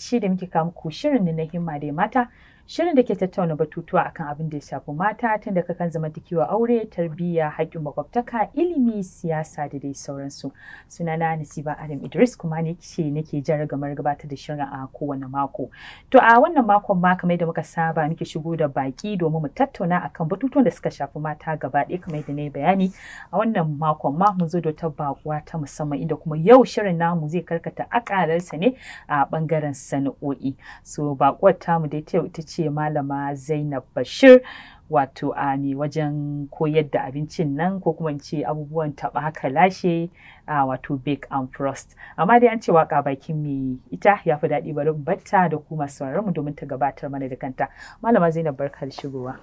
lokaci da muke kawo muku shirin na himma da mata Shirin da ke tattauna batutuwa akan abin da ya shafi mata tun da zama kan zamantakewa aure, tarbiyya, haƙƙin makwabtaka, ilimi, siyasa da dai sauransu. Sunana Nasiba Adam Idris kuma ne ce nake jar gamar gabatar da shirin a kowane mako. To a wannan makon ma kamar da muka saba nake shigo da baki domin mu tattauna akan batutuwan da suka shafi mata gaba ɗaya kamar da na bayani. A wannan makon ma mun zo da ta bakuwa ta musamman inda kuma yau shirin namu zai karkata akalarsa ne a ɓangaren sana'o'i. So bakuwar tamu dai ta ita ce ce malama Zainab Bashir wato a mai wajen koyar da abincin nan ko kuma ce abubuwan taba haka lashe a wato bake and frost amma dai an ce waka bakin mai ita ya fi daɗi barin batta da kuma sauraron mu domin ta gabatar mana da kanta malama zainab barkar shigowa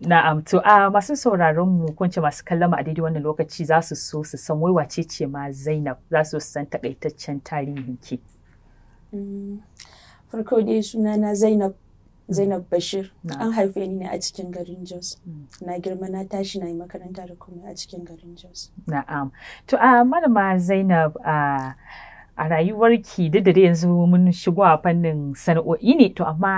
Na'am, to a masu sauraron mu ko ce masu kallon a daidai wannan lokaci za su so su san wai wace ce ma Zainab za su san takaitaccen tarihin ki. Mm. farko dai suna na zainab zainab mm. bashir an haife ni ne a cikin garin jos mm. na girma na tashi na yi makaranta da kuma a cikin garin jos na'am to a malama zainab a a rayuwarki duk da yanzu mun shigo a fannin sana'o'i ne to amma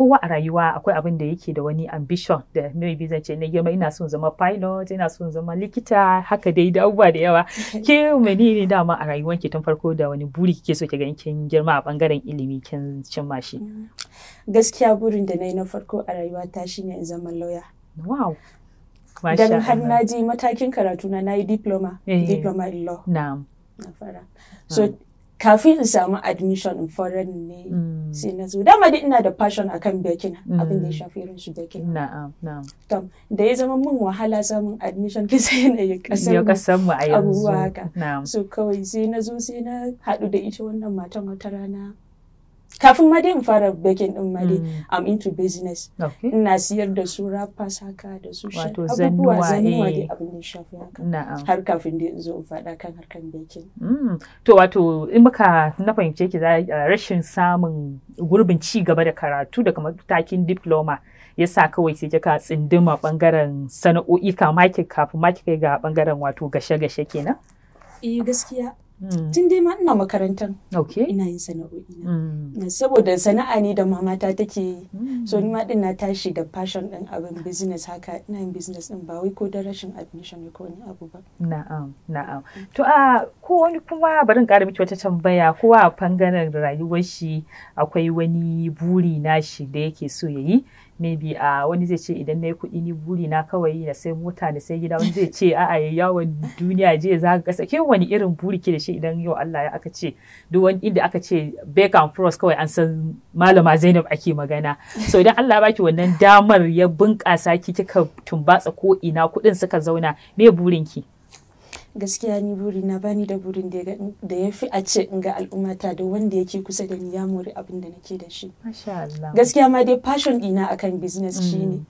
kowa a rayuwa akwai abin da yake da wani ambition da maybe zan ce na girma ina son zama pilot ina son zama likita haka dai da abubuwa da yawa ke menene dama a ki tun farko da wani buri kike so ki ga kin girma a bangaren ilimi kin cimma shi mm. gaskiya burin da nayi na farko a rayuwa ta shine in zama lauya wow Dan har na ji matakin karatu na na yi diploma, eh. diploma in law. Na'am. Na fara. So kafin in samu admission in foreign ne mm. sai na zo dama dai ina da passion akan baking abin da ya mm. shafi irin su baking na'am na'am da ya zama min wahala samun admission ke sai na yi kasar mu a yanzu abubuwa haka so kawai sai na zo sai na haɗu da ita wannan matan wata rana kafin ma dai in fara bakin din ma dai mm. I'm into business ina siyar da su wrappers haka da su abubuwa zannuwa eh. dai abin da shafi haka har kafin dai in zo in faɗa kan harkan bakin. Mm. to wato in muka na fahimce ki za rashin samun gurbin ci gaba da karatu daga matakin diploma ya sa kawai sai kika tsinduma bangaren sana'o'i kama kafin ma kika ga bangaren wato gashe-gashe kenan eh gaskiya Mm. tun dai ma ina makarantar ina yin sana'o'i na mm. saboda sana'a ne da mamata take yi mm. so ni ma din na tashi da fashion din abin business haka ina yin business din ba wai ko da rashin admission ko wani abu ba na'am na'am to a ko wani kuma bari in ƙara miki wata tambaya ko a fangaren rayuwar shi akwai wani buri nashi da yake so ya yi maybe a ah, wani zai ce idan na yi kuɗi ni buri na kawai na sai mota na sai gida wani zai ce a ya yawon duniya je za ka sake wani irin buri ke da shi idan yau Allah ya aka ce duk wani inda aka ce bake and frost kawai an san malama Zainab ake magana so idan Allah ya baki wannan damar ya bunƙasa ki kika tumbatsa ko ina kuɗin suka zauna me burin ki gaskiya ni buri na bani da burin da ya fi a ce in ga al'ummata da wanda yake kusa da ni ya mori abin da nake da shi gaskiya ma dai fashon dina akan business mm. shine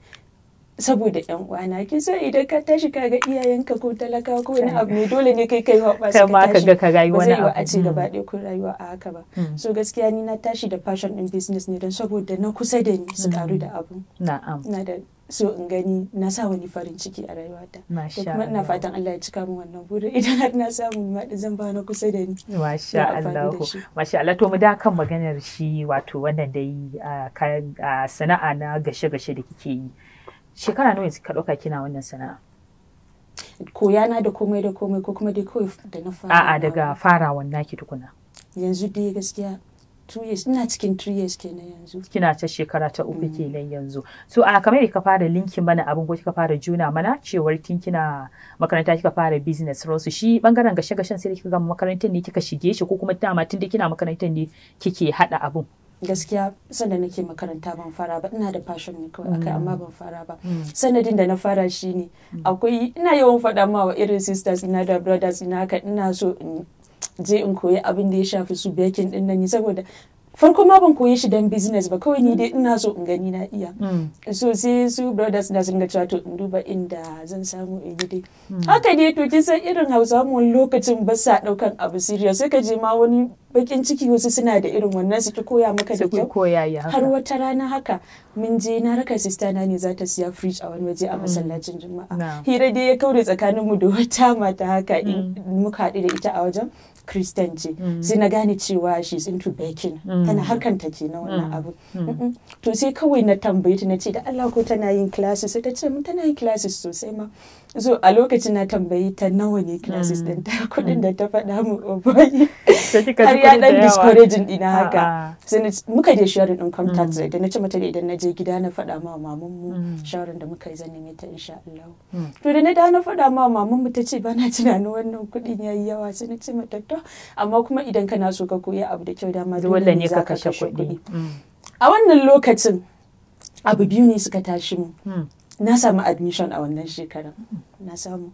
saboda yan uwana ki so idan ka tashi ka ga iyayenka ko talaka ko wani abu ne dole ne kai kai wa ba ka tashi ka ga wani abu a ci gaba hmm. ɗaya ko rayuwa a haka ba hmm. so gaskiya ni na tashi da fashion in business ne don saboda na kusa da ni su karu da hmm. abu na'am na da so in gani na sa wani farin ciki a rayuwata da kuma ina fatan Allah ya cika min wannan burin idan har na samu ma zan ba na kusa da ni masha Allah masha Allah to mu da kan maganar shi wato wannan dai sana'a na gashe-gashe da kike yi shekara nawa yanzu ka ɗauka kina wannan sana'a koya na da komai da komai ko kuma dai kawai da na fara a'a daga farawan naki tukuna yanzu dai gaskiya two years ina cikin two years kenan yanzu kina ta shekara ta uku mm. kenan yanzu so a kamar ka fara linkin mana abin ko kika fara juna mana cewar kin kina makaranta kika fara business rosu shi bangaren gashe gashen sai kika gama makarantar ne kika shige shi ko kuma dama tun da kina makarantar ne kike hada abun gaskiya sanda nake makaranta ban fara ba ina da fashion ne kawai akai mm. amma ban fara ba mm. sanadin da na fara shine mm. akwai ina yawan faɗa ma wa irin sisters ina da brothers ina haka ina so in je in koyi abin da ya shafi su baking din nan saboda farko ma ban koyi shi dan business ba kawai ni dai mm. ina so in gani na iya mm. so sai su brothers na sun ga cewa to in duba inda zan samu in yi dai mm. haka ne to kin san irin hausa wani lokacin ba sa daukan abu serious sai ka je ma wani bakin ciki wasu suna da irin wannan su ki koya maka da kyau har wata rana haka mun je na raka sista na ne za ta siya fridge a wani waje a masallacin juma'a hira dai ya kaure tsakanin mu da wata mata haka in muka haɗu da ita a wajen kristanci mm. sai na gane cewa shi into baking mm. tana harkan ta ke na wannan mm. abu to sai kawai na tambaye ta na ce da Allah ko tana yin classes sai ta ce mun tana yin classes sosai ma so a lokacin na tambayi ta nawa ne classes din mm. ta kudin mm. da ta faɗa mu obayi oh har ya dan discouraging ina haka sai muka je sharing din contact mm. da na ce mata da idan na je gida na faɗa ma maman mu sharing da muka yi zan neme ta insha Allah to da na da na faɗa ma maman mu ta ce ba na tunanin wannan kudin yayi yawa sai na ce mata to amma kuma idan kana so ka koya abu da kyau dama dole ne ka kashe kudi a wannan lokacin abu biyu ne suka tashi mu na samu admission a wannan shekarar na samu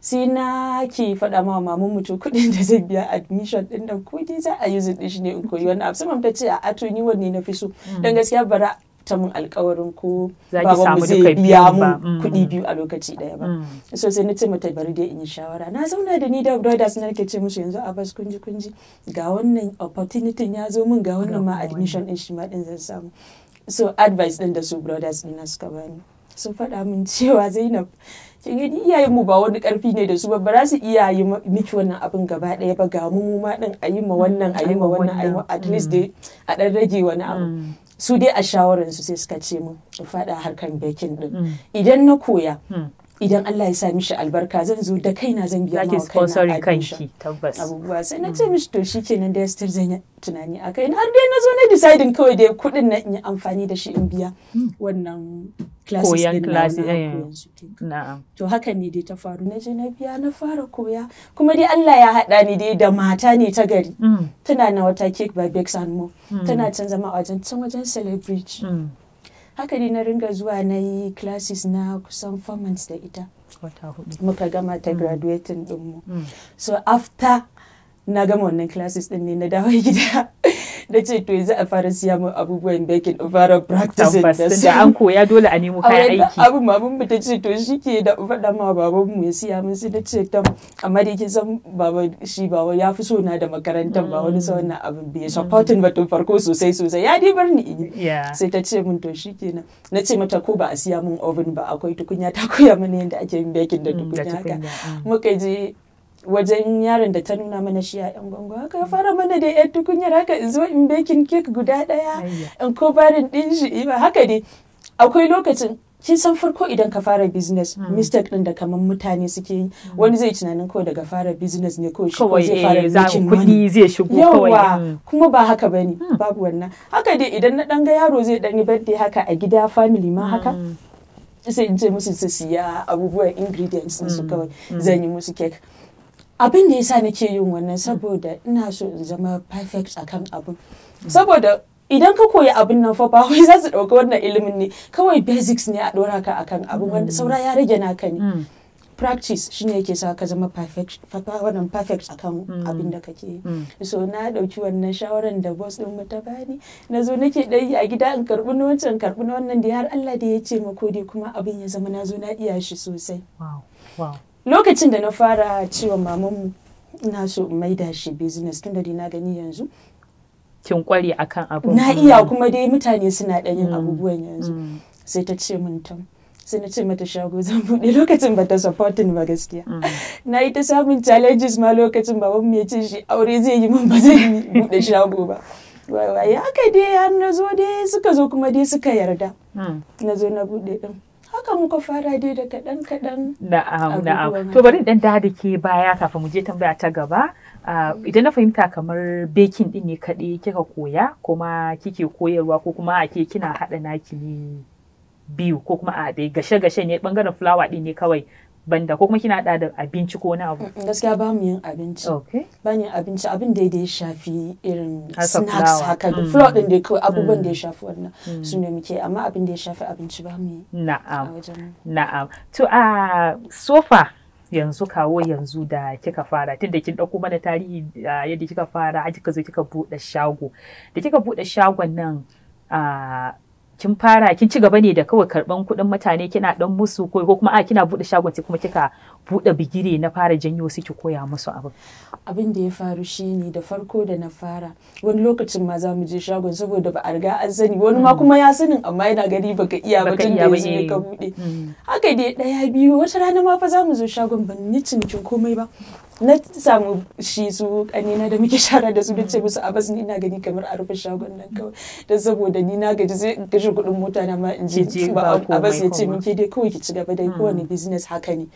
sai na ke faɗa ma mamun mutu kuɗin da zai biya admission ɗin da kuɗi za a yi ɗin shi ne in koyi wani abu ta ce a ato ni wanne na fi so mm. don gaskiya bara ta mun alkawarin ko baban mu zai biya mu mm. kuɗi biyu a lokaci ɗaya ba mm. so sai na ce mata bari dai in yi shawara na zauna da ni da brothers na ke ce musu yanzu a bas kunji kunji ga wannan opportunity ya zo min ga wannan ma admission ɗin shi ma ɗin zan samu so advice ɗin da su brothers ɗin na suka bani sun faɗa min cewa zainab kin gani mu ba wani karfi ne da su ba ba su iya yi miki wannan abin gaba ɗaya ba ga mu ma din mm, a yi ma wannan a yi ma wannan a yi at least mm. dai a ɗan rage wani abu mm. su dai a shawararsu sai suka ce mu in faɗa harkan bekin din idan na koya idan Allah ya sa mishi albarka zan zo da kaina zan biya mawa kaina kanki tabbas abubuwa sai na mm. ce mishi to shikenan da ya zan zan tunani a kai har dai na zo na decidin kawai da kuɗin na in yi amfani da shi in biya mm. wannan classes na eh, eh. to haka ne dai ta faru na je na biya na fara koya kuma dai Allah ya haɗa ni dai da mata ne ta gari mm. tana na wata cake by Bex and Mo tana can zama a wajen can wajen celebrity haka ne na ringa zuwa na yi classes na kusan four da ita muka gama ta mm. graduating dinmu mm. so after na gama wannan classes din ne na dawo gida na ce to yanzu a fara siya min abubuwan baking in fara practicing da su an koya dole a nemo kayan aiki abu mamun mu ta ce to shi ke da faɗa ma baban mu ya siya min sai na ce ta amma da ke san baba shi baba ya fi sona da makarantar ba wani sa wannan abin bai mm. supporting ba tun farko sosai sosai ya dibar ni in sai ta ce min to shi kenan na ce mata ko ba a siya min oven ba akwai tukunya ta koya mana yadda ake yin baking da mm, tukunya haka mm. muka je wajen yaron da ta nuna mana shi a yan gwangwa haka ya fara mana da yan tukunyar haka in zo in bakin kek guda daya in ko barin din shi ba haka dai akwai lokacin kin san farko idan ka fara business hmm. mistake din da kaman mutane suke yi hmm. wani zai tunanin ko daga fara business ne ko shi zai fara eh, making money zai shigo kawai hmm. kuma ba haka bane babu wannan haka dai idan na dan ga yaro zai dan yi birthday haka a gida family ma haka sai in ce musu su siya abubuwan ingredients su kawai zan yi musu cake abin da ya sa nake yin wannan saboda ina so in zama perfect akan abin saboda idan ka koyi abin nan fa ba wai za su ɗauka wannan ilimin ne kawai basics ne a ɗora ka akan abin wanda mm. saura ya rage naka ne mm. practice shi shine yake sa ka zama perfect wannan perfect akan mm. abin da kake yi so na ɗauki wannan shawaran da boss ɗin mu ta bani na zo nake dai a gida in karbi na wancan karbi na wannan da har Allah da ya ce mako kode kuma abin ya zama na zo na iya shi sosai wow lokacin da na fara cewa mamanmu ina so in maida shi business tun da dai na gani yanzu kin kware akan abu na iya kuma dai mutane suna ɗan yin mm, abubuwan yanzu mm. sai ta ce min tam sai na ce mata shago zan buɗe lokacin ba ta ba gaskiya mm. na yi ta samun challenges ma lokacin ba mu ya ce shi aure zai yi mun ba zai yi buɗe shago ba wai haka dai har na zo dai suka zo kuma dai suka yarda na zo na buɗe din haka muka fara dai da kaɗan kaɗan na'am na'am to bari dan da da ke baya kafin mu je tambaya ta gaba ah, mm. idan na fahimta kamar baking din ne kaɗai kika koya kuma kike koyarwa ko kuma ake kina haɗa naki ne biyu ko kuma a dai gashe-gashe ne bangaren fulawa din ne kawai banda ko kuma kina da da abinci ko wani abu gaskiya ba mu yin abinci ba yin abinci abin da ya shafi irin snacks haka da mm. flour din da kai abubuwan mm. da ya shafi wannan mm. su ne muke amma abin da ya shafi abinci ba mu yi na'am na'am to a sofa yanzu kawo yanzu da kika fara tunda kin dauko mana tarihi yadda kika fara aji ka zo kika bude shago da kika bude shagon nan kin fara kin ci gaba ne da kawai karban kuɗin mutane kina dan musu ko ko kuma a kina buɗe shagon sai kuma kika buɗe bigire na fara janyo su ki koya musu abin abin da ya faru shine da farko da na fara wani lokacin ma za mu je shagon saboda ba a riga an sani wani ma kuma ya sanin amma yana gani baka iya ba tun da yanzu eh. ka buɗe mm. haka dai ɗaya biyu wata rana ma fa za mu zo shagon ban ni cinikin komai ba na samu shi su kanina da muke shara da su da ce musu abas ni ina gani kamar a rufe shagon nan kawai don saboda ni na gaji zai gaji kuɗin mota na ma in je ba abas ya ce muke dai kawai ki ci gaba dai hmm. kowane business haka ne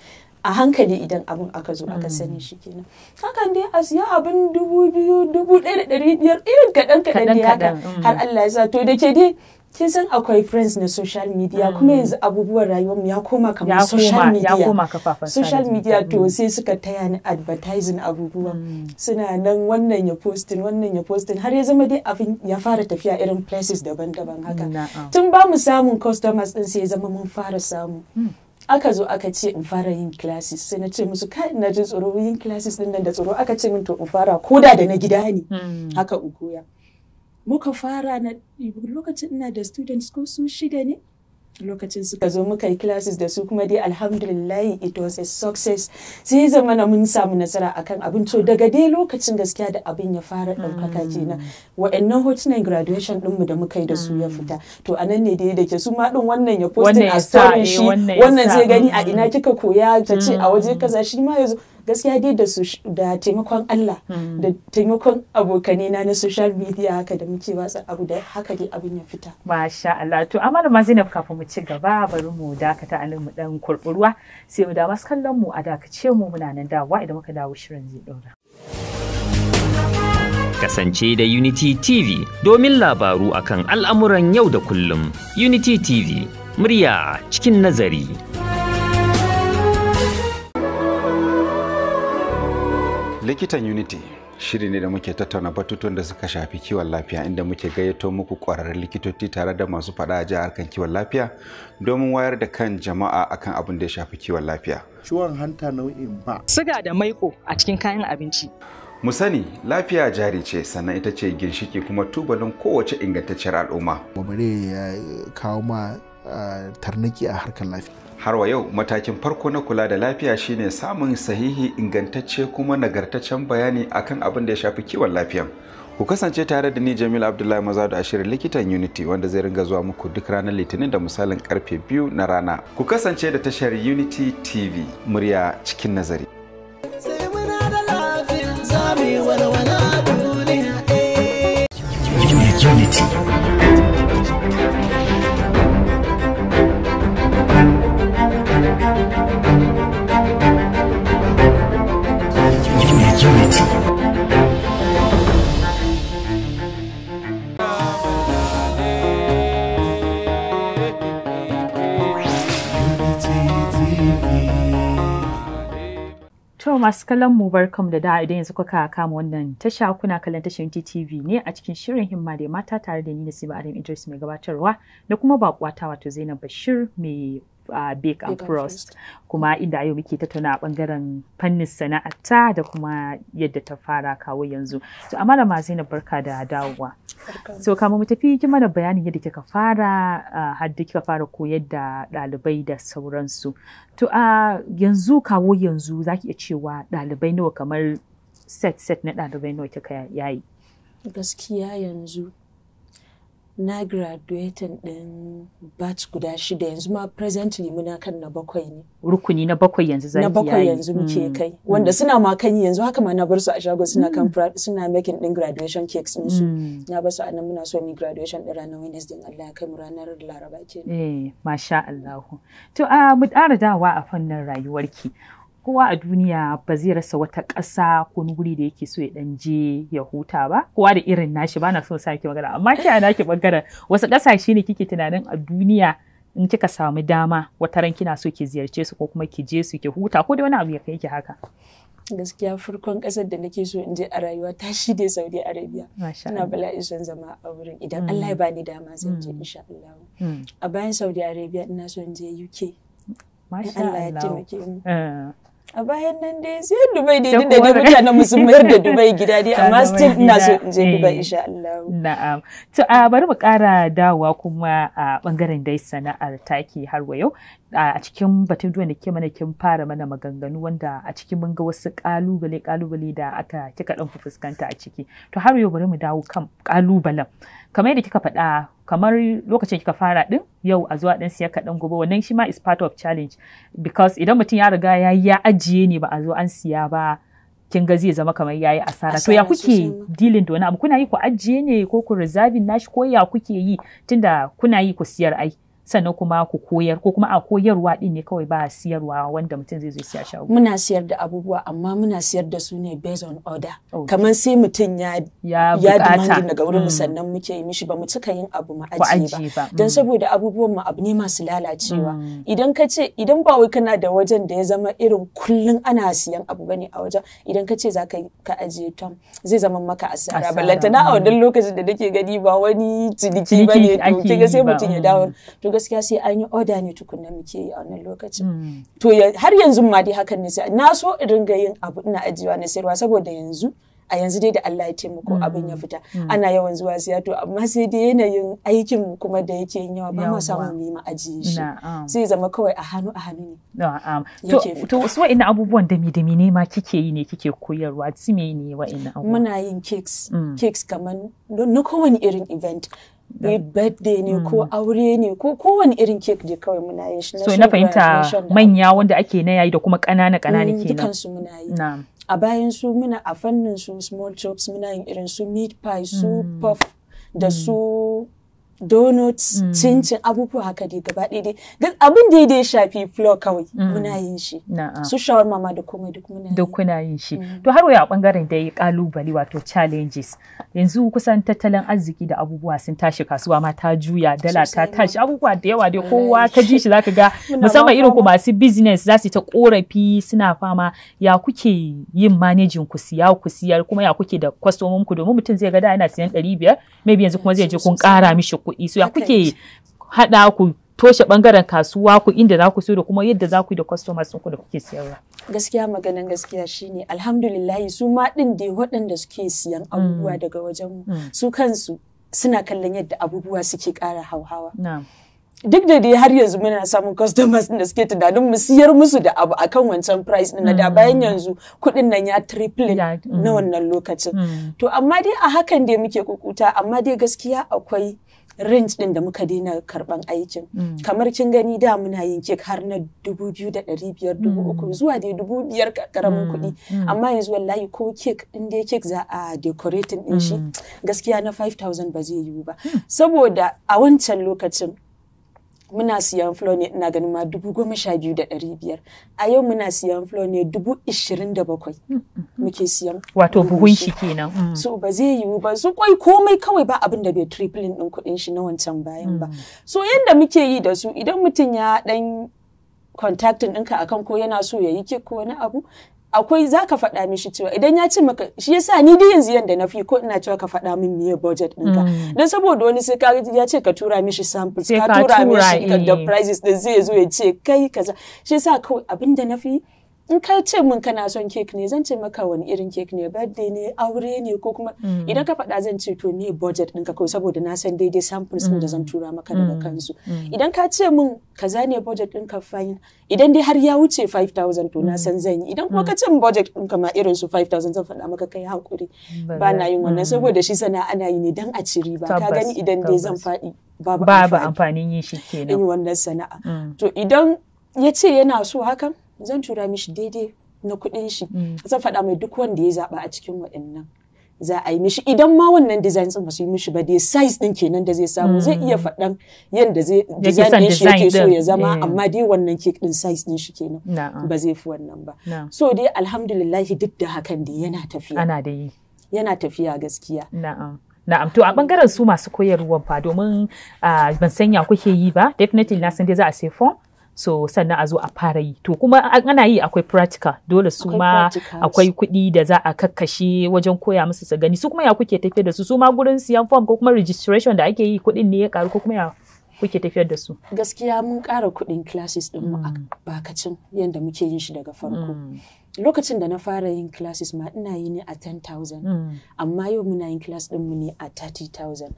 a hankali idan abin aka zo aka hmm. sani shi kenan hakan dai a siya abin dubu biyu dubu ɗaya da ɗari biyar irin kaɗan kaɗan ne haka hmm. har Allah ya sa to da ke dai kin san akwai friends na social media hmm. kuma yanzu abubuwan rayuwar mu ya koma kamar social media ya koma kafafen social media to hmm. sai suka taya ni advertising abubuwa hmm. suna nan wannan ya posting wannan ya posting har ya zama dai abin ya fara tafiya irin places daban-daban haka tun ba mu samun customers din sai ya zama mun fara samu aka zo aka ce in fara yin classes sai na ce musu kai na jin tsoro yin classes din nan da tsoro aka ce min to in fara koda da na gida ne haka in koya muka fara na lokacin ina da students ko su shida ne lokacin suka zo muka yi classes da su kuma dai alhamdulillah it was a success sai zama na mun samu nasara akan abin to daga dai lokacin gaskiya da abin ya fara ɗaukaka mm. kenan wa'annan hotunan graduation ɗinmu da muka yi da su ya mm. fita to a nan ne dai da ke su ma ɗin wannan ya posting a story eh, shi wannan zai gani a mm. ina kika koya ta ce a waje kaza shi ma ya zo gaskiya dai da taimakon Allah hmm. da taimakon abokanai na na social media haka da muke watsa abu da haka dai abin ya fita masha Allah to amma ma Zainab kafin mu ci gaba bari mu dakata alin mu dan kurburuwa sai mu da mas kallon mu a dakace mu muna nan wa idan muka dawo shirin zai daura. kasance da Unity TV domin labaru akan al'amuran yau da kullum. Unity TV, murya cikin nazari. likitan unity shiri ne da muke tattauna batutuwan da suka shafi kiwon lafiya inda muke gayyato muku kwararrun likitoci tare da masu faɗa a jihar kan kiwon lafiya domin wayar da kan jama'a akan abin da ya shafi kiwon lafiya ciwon hanta nau'in ba siga da maiko a cikin kayan abinci mu sani lafiya jari ce sannan ita ce ginshiki kuma tubalin kowace ingantacciyar al'umma ba bare ya kawo ma ah, tarnaki a harkar lafiya har wa yau matakin farko na kula da lafiya shine samun sahihi ingantacce kuma nagartaccen bayani akan abin da ya shafi kiwon lafiya ku kasance tare da ni jamil abdullahi maza da ashirin likitan unity wanda zai ringa zuwa muku duk ranar litinin da misalin karfe biyu na rana ku kasance da tashar unity tv murya cikin nazari masu kallon mu barkamu da da'a idan yanzu kuka kama wannan tasha kuna kallon tashar TV ne a cikin shirin himma da mata tare da ni Sima Adam Idris mai gabatarwa da kuma bakwata wato Zainab Bashir mai uh, Bake and Frost kuma inda yau muke tattauna a bangaren fannin ta da kuma yadda ta fara kawo yanzu. To amma da ma Zainab barka da dawowa. So kama mu tafi ki mana bayanin yadda kika fara hadda kika fara koyar da ɗalibai da sauransu. To a yanzu kawo yanzu zaki iya cewa ɗalibai nawa kamar set set na ɗalibai nawa kika yayi. Gaskiya yanzu na graduating din batch guda shida yanzu ma presently muna kan na bakwai ne rukuni na bakwai yanzu zaki na bakwai yanzu muke mm. kai wanda mm. suna ma kan yanzu haka ma na bar su a shago suna kan mm. suna making din graduation cakes din su na bar su a nan muna so ni graduation din ranar Wednesday Allah ya kai mu ranar Laraba ke. eh masha Allah to a ah, mu dawa a fannin rayuwarki kowa a duniya ba zai rasa wata ƙasa ko wuri da yake so ya dan je ya huta ba kowa da irin nashi ba na so sake magana amma ki a naki bangaren wasu ƙasashe ne kike tunanin a duniya in kika samu dama wata ran kina so ki ziyarce su ko kuma ki je su ki huta ko da wani abu ya kai ki haka gaskiya farkon ƙasar da nake so in je a rayuwa ta shi ne saudi arabia ina bala'in son zama a wurin idan mm. allah ya bani dama zan je mm. insha allah mm. a bayan saudi arabia ina so in je uk Masha Allah. a bayan nan dai sai Dubai dai da dai mutanen mu da Dubai gida dai amma still ina so in je Dubai eh. insha Allah na'am to a bari mu ƙara dawowa kuma a bangaren dai sana'ar taki har wa yau a cikin batun duwan da ke mana kin fara mana maganganu wanda a cikin mun ga wasu kalubale kalubale da aka kika dan fuskanta a ciki to har yau bari mu dawo kan kalubalen kamar yadda kika faɗa kamar lokacin kika fara ɗin yau a zuwa ɗan siya kaɗan gobe wannan shi ma is part of challenge because idan mutum ya riga ya ya ajiye ne ba a zo an siya ba kin ga zai zama kamar yayi asara to ya kuke dilin da wani abu kuna yi ku ajiye ne ko ku reserving nashi ko ya kuke yi tunda kuna yi ku siyar ai sannan kuma ku koyar ko kuma a koyarwa din ne kawai ba siyarwa wanda mutum zai zo siya shago muna siyar da abubuwa amma muna siyar da su ne based on order oh. kamar sai mutum ya ya demandin daga wurin mu mm. sannan muke yi mishi ba mu cika yin abu mu ajiye ba don mm. saboda abubuwan mu abu ne masu lalacewa mm. idan ka ce idan ba wai kana da wajen da ya zama irin kullun ana siyan abu bane a wajen idan ka ce za ka ajiye tom zai zama maka asara ballantana a wannan lokacin da nake gani ba wani ciniki bane to kiga sai mutum ya dawo gaskiya sai an yi oda ne tukunna muke yi a wannan lokacin hmm. to har yanzu ma dai hakan ne sai na so in ringa yin abu ina ajiyewa na sayarwa saboda yanzu a yanzu dai da Allah ya taimako hmm. abin ya fita hmm. ana yawan zuwa siya to amma sai dai yanayin aikin kuma da yake yin yawa ba ma samun mu ma ajiye shi sai zama kawai a hannu a hannu ne to su wa'ina abubuwan dami dami ne ma kike yi ne kike koyarwa su me ne wa'ina abubuwan muna yin cakes cakes kamar na kowane irin event Eh, birthday ne ko mm. aure ne ko kowane irin kek je kawai muna yin shi so ina fahimta manya wanda ake na yayi da kuma ƙanana ƙanana eh, kenan dukan su muna yi a bayan su muna a fannin su small chops muna yin irin su meat pie su mm. puff da su donuts mm. cincin abubuwa haka dai gaba ɗaya dai duk abin da ya shafi flour kawai mm. muna yin shi su shawarma ma da komai duk muna duk kuna yin shi mm. to har waya a bangaren da ya kalubale wato challenges yanzu kusan tattalin arziki da abubuwa sun tashi kasuwa ma ta juya dala ta tashi abubuwa da yawa dai kowa ka ji shi zaka ga musamman irin ku masu business za su ta korafi suna fama ya kuke yin managing ku siya ku siyar kuma ya kuke da customer ku domin mutum zai ga da yana siyan 500 maybe yanzu kuma zai je kun kara mishi kuɗi su ya kuke haɗa ku toshe bangaren kasuwa ku inda za ku siyo da kuma yadda za ku yi da customers ku da kuke siyarwa. Gaskiya maganan gaskiya shine alhamdulillahi su ma ɗin dai waɗanda suke siyan abubuwa mm. daga wajen mu mm. su kansu suna kallon yadda abubuwa suke ƙara hauhawa. Duk da dai har yanzu muna samun customers da suke tunanin mu siyar musu da abu akan wancan price na da mm. bayan yanzu kuɗin nan ya triple na wannan lokacin. To amma dai a hakan dai muke kukuta amma dai gaskiya akwai range din da muka daina karban aikin mm. kamar kin gani da muna yin kek har na dubu biyu da ɗari biyar dubu mm. uku zuwa dai dubu biyar karamin mm. kuɗi amma yanzu wallahi ko kek in dai kek za a decorating din shi gaskiya na 5000 ba zai yiwu ba hmm. saboda a wancan lokacin muna siyan flo ne ina ganin ma dubu goma sha biyu da ɗari biyar a yau muna siyan flo ne dubu ishirin da bakwai muke siyan wato buhun shi kenan mm. so ba zai yiwu ba su kwai komai kawai ba abin da bai tripling ɗin kuɗin shi na wancan bayan ba mm. so yadda muke yi da su idan mutum ya ɗan contacting ɗinka akan ko yana so ya yi kek ko wani abu akwai za ka faɗa mishi cewa idan ya ce maka shi yasa ni dai yanzu yanda na fi ko ina cewa ka faɗa min miye budget ɗinka mm. don saboda wani sai ka ya ce ka tura mishi samples ka tura mishi da prices da zai zo ya ce kai kaza shi yasa kawai abin da na fi in ka ce min kana son kek ne zan ce maka wani irin kek ne birthday ne aure ne ko kuma mm. idan ka faɗa zan ce to ne budget ɗinka kawai saboda na san daidai samples ɗin da zan mm. tura maka daga mm. kansu idan ka ce min kaza ne budget ɗinka fine idan dai har ya wuce 5000 to na san zan yi idan kuma ka ce min budget ɗinka ma irin su 5000 zan faɗa maka kai hakuri ba na yin wannan saboda shi sana ana yi ne dan a ci riba ka gani idan dai zan faɗi babu amfanin yin shi kenan in wannan sana'a to idan ya ce yana so hakan zan tura mishi daidai na kuɗin shi mm. zan faɗa mai duk wanda ya zaɓa a cikin waɗannan za a yi mishi idan ma wannan design din su yi mishi ba dai size din kenan da zai samu zai iya mm. faɗan yadda zai design din shi yake so ya zama eh. amma dai wannan cake din size din shi kenan ba zai fi wannan ba so dai alhamdulillah duk da hakan dai yana tafiya ana da yi yana tafiya gaskiya na'am Na'am, to a bangaren su masu koyarwa fa domin ah, ban sanya kuke yi ba, definitely na san dai za a sai form so sannan a zo a fara yi to kuma ana yi akwai practical dole su ma akwai kuɗi da za a kakkashe wajen koya musu su gani su kuma ya kuke tafiyar da su su ma gurin siyan form ko kuma registration da ake yi kuɗin ne ya karu ko kuma ya kuke tafiyar da su gaskiya mun ƙara kuɗin classes ɗin mu mm. bakacin yadda muke yin shi daga farko mm. lokacin da na fara yin classes ma ina yi ne a 10,000 mm. amma yau muna yin class ɗin mu ne a 30,000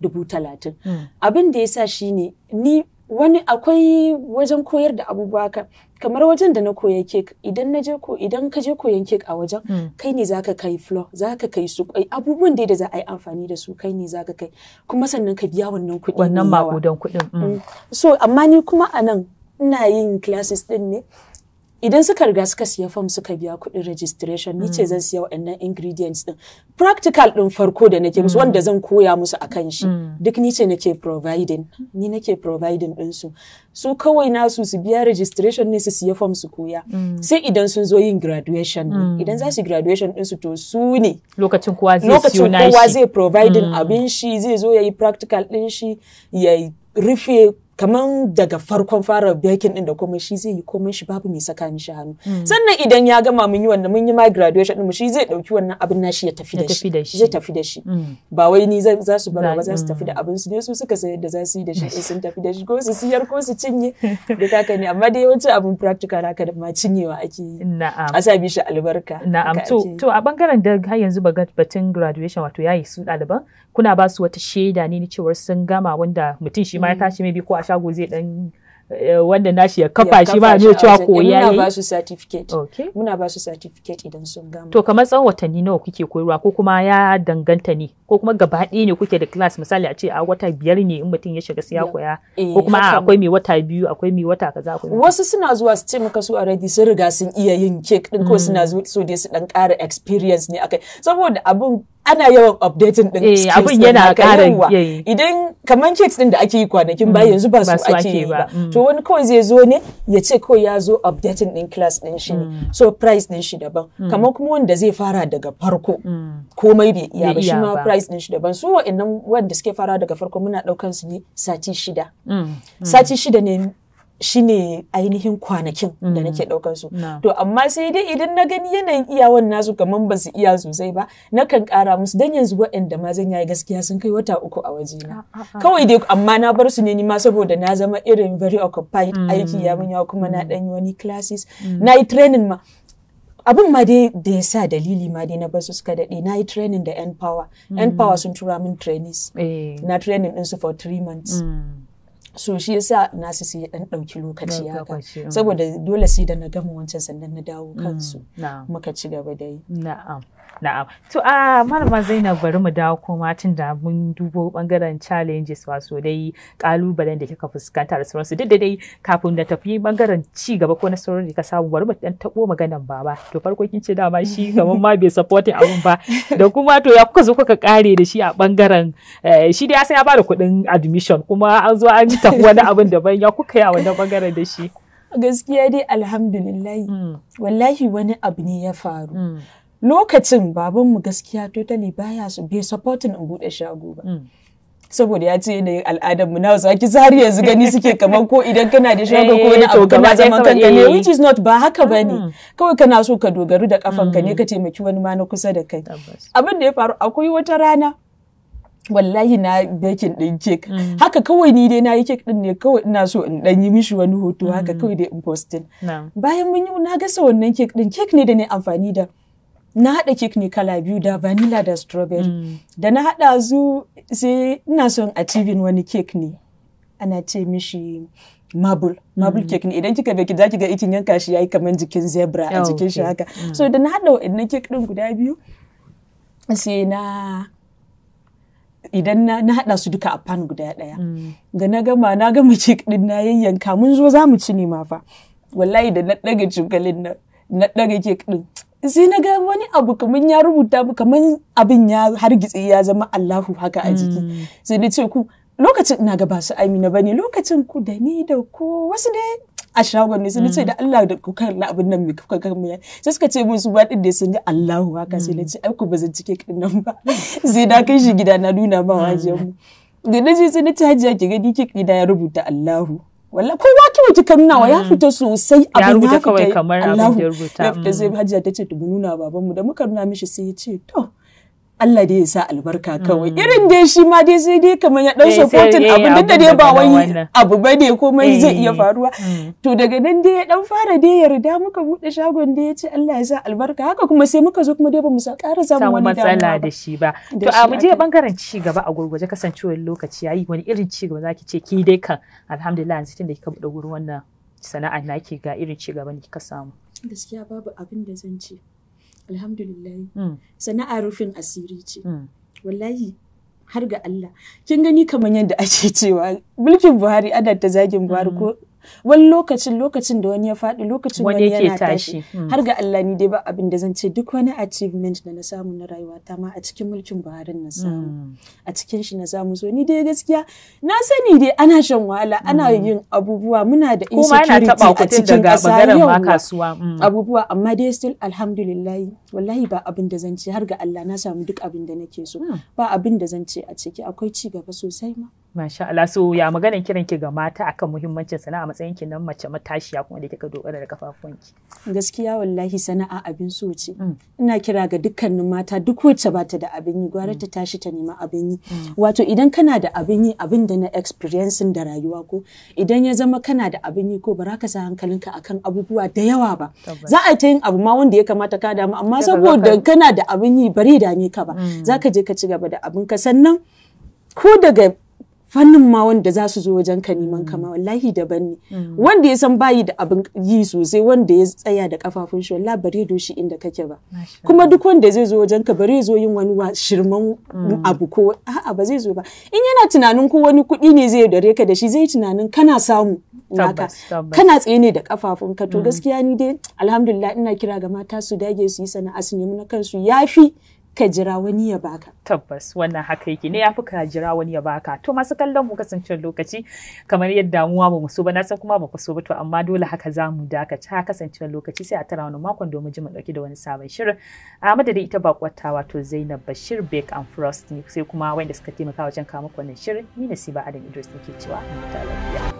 dubu talatin abin da ya sa shi ne ni wani akwai wajen koyar da abubuwa ka kamar wajen da na koya kek idan na je ko idan ka je koyan kek a wajen hmm. kai ne zaka kai flo zaka kai su kai abubuwan dai da za a yi amfani da su kai ne zaka kai kuma sannan ka biya wannan kuɗi wannan maƙudan kuɗin hmm. Hmm. so amma ni kuma anan ina yin classes din ne idan suka riga suka siya fam suka biya kuɗin registration ni ce mm. zan siya waɗannan ingredients din practical din farko da nake musu mm. wanda zan koya musu akan shi mm. duk ni ce nake providing ni nake providing din su su kawai nasu su biya registration ne su siya fam su koya sai idan sun zo yin graduation idan za su graduation din su to su ne lokacin kowa zai lokacin kowa zai providing abin shi zai zo yayi practical din shi ya rufe kaman daga farkon fara bakin din da komai shi zai yi komai shi babu mai saka shi hannu hmm. sannan idan ya gama mun yi wannan mun yi ma graduation din mu shi zai dauki wannan abin nashi ya tafi da shi zai tafi da shi hmm. ba wai ni za su bara ba za su tafi da hmm. abin su ne su suka sayar da za su yi da shi sun tafi da shi ko su siyar ko su cinye da taka ne amma dai yawanci abin practical haka da ma cinyewa ake yi na'am a sa shi albarka na'am to to a bangaren da har yanzu ba batun graduation wato yayi su ɗaliban kuna ba su wata shaida ne ni cewar sun gama wanda mutum shi ma ya tashi bi ko a shago zai dan eh, wanda nashi ya kafa shi ba ne cewa eh, ya yi. ba su certificate. Okay. Muna ba su certificate idan sun gama. To kamar tsawon watanni nawa kuke koyarwa ko kuma ya danganta ne ko kuma gaba ɗaya ne kuke da class misali a ce a wata biyar ne in mutum ya shiga sai ya koya eh, ko kuma akwai mai wata biyu akwai mai wata kaza akwai. Wasu suna zuwa su ce maka su a ready sun riga sun iya yin cake din ko mm. suna so dai su dan ƙara experience ne akai saboda abun. ana yawan updating din eh, abin yana ƙara idan kamar cakes din da ake yi kwanakin ba mm, yanzu ba su ake yi ba mm. to wani kawai zai zo ne ya ce ko ya zo updating din class din shi ne mm. so price din shi daban kamar kuma wanda zai fara daga farko komai bai iya ba shi ma price din shi daban su wa'annan wanda suke fara daga farko muna ɗaukan su ne sati shida sati shida ne shine ainihin kwanakin da mm. nake ɗaukar su. To amma sai dai idan na gani yanayin iyawan nasu kamar ba su iya sosai ba na kan ƙara musu dan yanzu waɗanda ma zan yayi gaskiya sun kai wata uku a waje na ah, ah, ah. Kawai dai amma na bar su ne ni ma saboda na zama irin very occupied mm. aiki ya mun yawa kuma na ɗan yi wani classes mm. na yi training ma. abin ma dai da ya sa dalili ma dai na su suka daɗe na yi training da n power n power sun tura min trainees eh. na training su for three months so shi yasa na su siya dan dauki lokaci haka mm. saboda dole sai da na gama wancan sannan na dawo mm, kansu muka ci gaba da yi na'am Na'am. To a ah, malama Zainab bari mu dawo koma tun da mun dubo bangaren challenges wato dai kalubalen da kika fuskanta da sauransu duk da dai kafin da tafi bangaren ci gaba ko nasarorin da ka samu bari mu dan tabo maganan baba. To farko kin ce dama shi kaman ma bai supporting abun ba da kuma to ya kuka zo kuka kare da shi a bangaren eh, shi dai ya san ya bada kuɗin admission kuma an zo an tafi wani abin ban ya kuka yi a wannan bangaren da shi. Gaskiya dai alhamdulillahi mm. wallahi wani abu ne ya faru. Mm. lokacin babanmu gaskiya totally baya su bai supporting in bude shago ba mm. saboda ya ce da al'adar mu na wasu haki zari yanzu gani suke kamar ko idan kana da shago ko wani eh, abu kana zaman kanka ne eh. which is not ba haka bane kawai kana so ka dogaru da ka ne mm. ka taimaki wani ma na kusa da kai abin da ya faru akwai wata rana wallahi na bakin din kek mm. haka kawai ni dai na yi kek din ne kawai ina so in dan yi mishi wani hoto haka kawai dai in posting bayan mun yi na gasa wannan kek din kek ne da ne amfani da na haɗa cake ne kala biyu da vanilla da strawberry mm. da na haɗa zu sai ina son a achieving wani cake ne ana ce mishi marble marble mm. ne idan kika baki zaki ga ikin yanka shi yayi kaman jikin zebra a jikin shi haka mm. so da na hada wani cake din guda biyu sai na idan na hada su duka a pan guda daya ga na gama na gama cake din na yayyanka mun zo za mu ci ne ma fa wallahi da na daga cokalin na na daga cake din sai na ga wani abu kamar ya rubuta mu kamar abin ya hargitse ya zama Allahu haka a jiki hmm. sai na ce ku lokacin ina ga ba su Amina bane lokacin ku da ni da ku wasu dai a shagon ne sun ce hmm. da Allah da ku karla abin nan mai kuka kan mu sai suka ce su ba din da sun ji Allahu haka sai na hmm. ce ai ku bazan cike kin nan ba sai da kai shi gida na nuna ba wajen mu da na je sai na ce hajiya ki gani ki kida ya rubuta Allahu ko kowa kawai kika nuna wa ya hmm. fita sosai abin ya fita kamar abin da ya rubuta ya fita sai hmm. hajiya tace mu nuna babanmu da muka nuna mishi sai ya ce to Allah dai ya sa albarka kawai mm. irin dai shi ma dai sai dai kamar ya dan eh, supporting abin duk da dai ba wai abu ba ne komai zai iya eh. faruwa mm. to daga nan dai ya dan fara dai yarda muka buɗe shagon dai ya ce Allah ya sa albarka haka kuma sai muka zo kuma dai ba mu ƙara samu wani matsala da shi ba to a mu je bangaren ci gaba a gurguje kasancewar lokaci yayi wani irin ci gaba zaki ce ki dai kan alhamdulillah yanzu da kika buɗe wurin wannan sana'a naki ga irin ci gaba ne kika samu gaskiya babu abin da zan ce alhamdulillah hmm. sana'a rufin asiri ce hmm. wallahi har ga Allah kin gani kamar yadda ake cewa mulkin Buhari ada ta zagin Buhari hmm. ko wani lokacin lokacin da wani ya faɗi lokacin wani yana tashi hmm. har ga Allah ni dai ba abin da zan ce duk wani achievement da na samu na rayuwa ta ma a cikin mulkin Buhari na samu hmm. a cikin shi na samu so ni dai gaskiya na sani dai ana shan wahala ana hmm. yin abubuwa muna da insecurity a cikin ƙasa yau abubuwa amma dai still alhamdulillah wallahi ba abin da zan ce har ga Allah na samu duk abin da nake so ba abin da zan ce a ciki akwai ci gaba sosai ma Masha Allah so ya maganar kiran ki ga mata akan muhimmancin sana'a matsayin ki nan mace matashiya kuma da kika dogara da kafafun ki. Gaskiya wallahi sana'a abin so ce. Mm. Ina kira ga dukkanin mata duk wacce ba ta da abin yi gwara mm. ta tashi ta nema abin yi. Mm. Wato idan kana da abin yi abin da na experiencing da rayuwa ko idan ya zama kana da abin yi ko ba za ka sa hankalinka akan abubuwa da yawa ba. Za a ta yin abu ma wanda ya kamata ka damu amma saboda kana da abin yi bare dame ka ba. Za ka je ka ci gaba da abin ka sannan ko daga fannin ma wanda za su zo wajen ka neman kama mm. wallahi daban ne mm. wanda ya san bayi da abin yi sosai wanda ya tsaya da kafafun shi wallahi bare doshi inda kake ba kuma duk wanda zai zo wajen ka bare zo yin wani shirman mm. abu ko a'a ba zai zo ba in yana tunanin ko wani kuɗi ne zai dare ka da shi zai tunanin kana samu naka kana tsaye ne da kafafun ka to gaskiya ni dai alhamdulillah ina kira ga mata su dage su yi sana'a su nemi na kansu yafi ka jira wani ya baka. Tabbas wannan haka yake ne ya fi ka jira wani ya baka. To masu kallon mu kasancewar lokaci kamar yadda muwa ba so ba na san kuma ba ku so ba to amma dole haka za mu dakata kasancewar lokaci sai a tara wani makon domin ji mu dauki da wani sabon shirin. A madadin ita kwata wato Zainab Bashir Bake and Frost ne sai kuma wanda suka taimaka wajen kawo muku wannan shirin ni Siba Adam Idris nake cewa mu ta lafiya.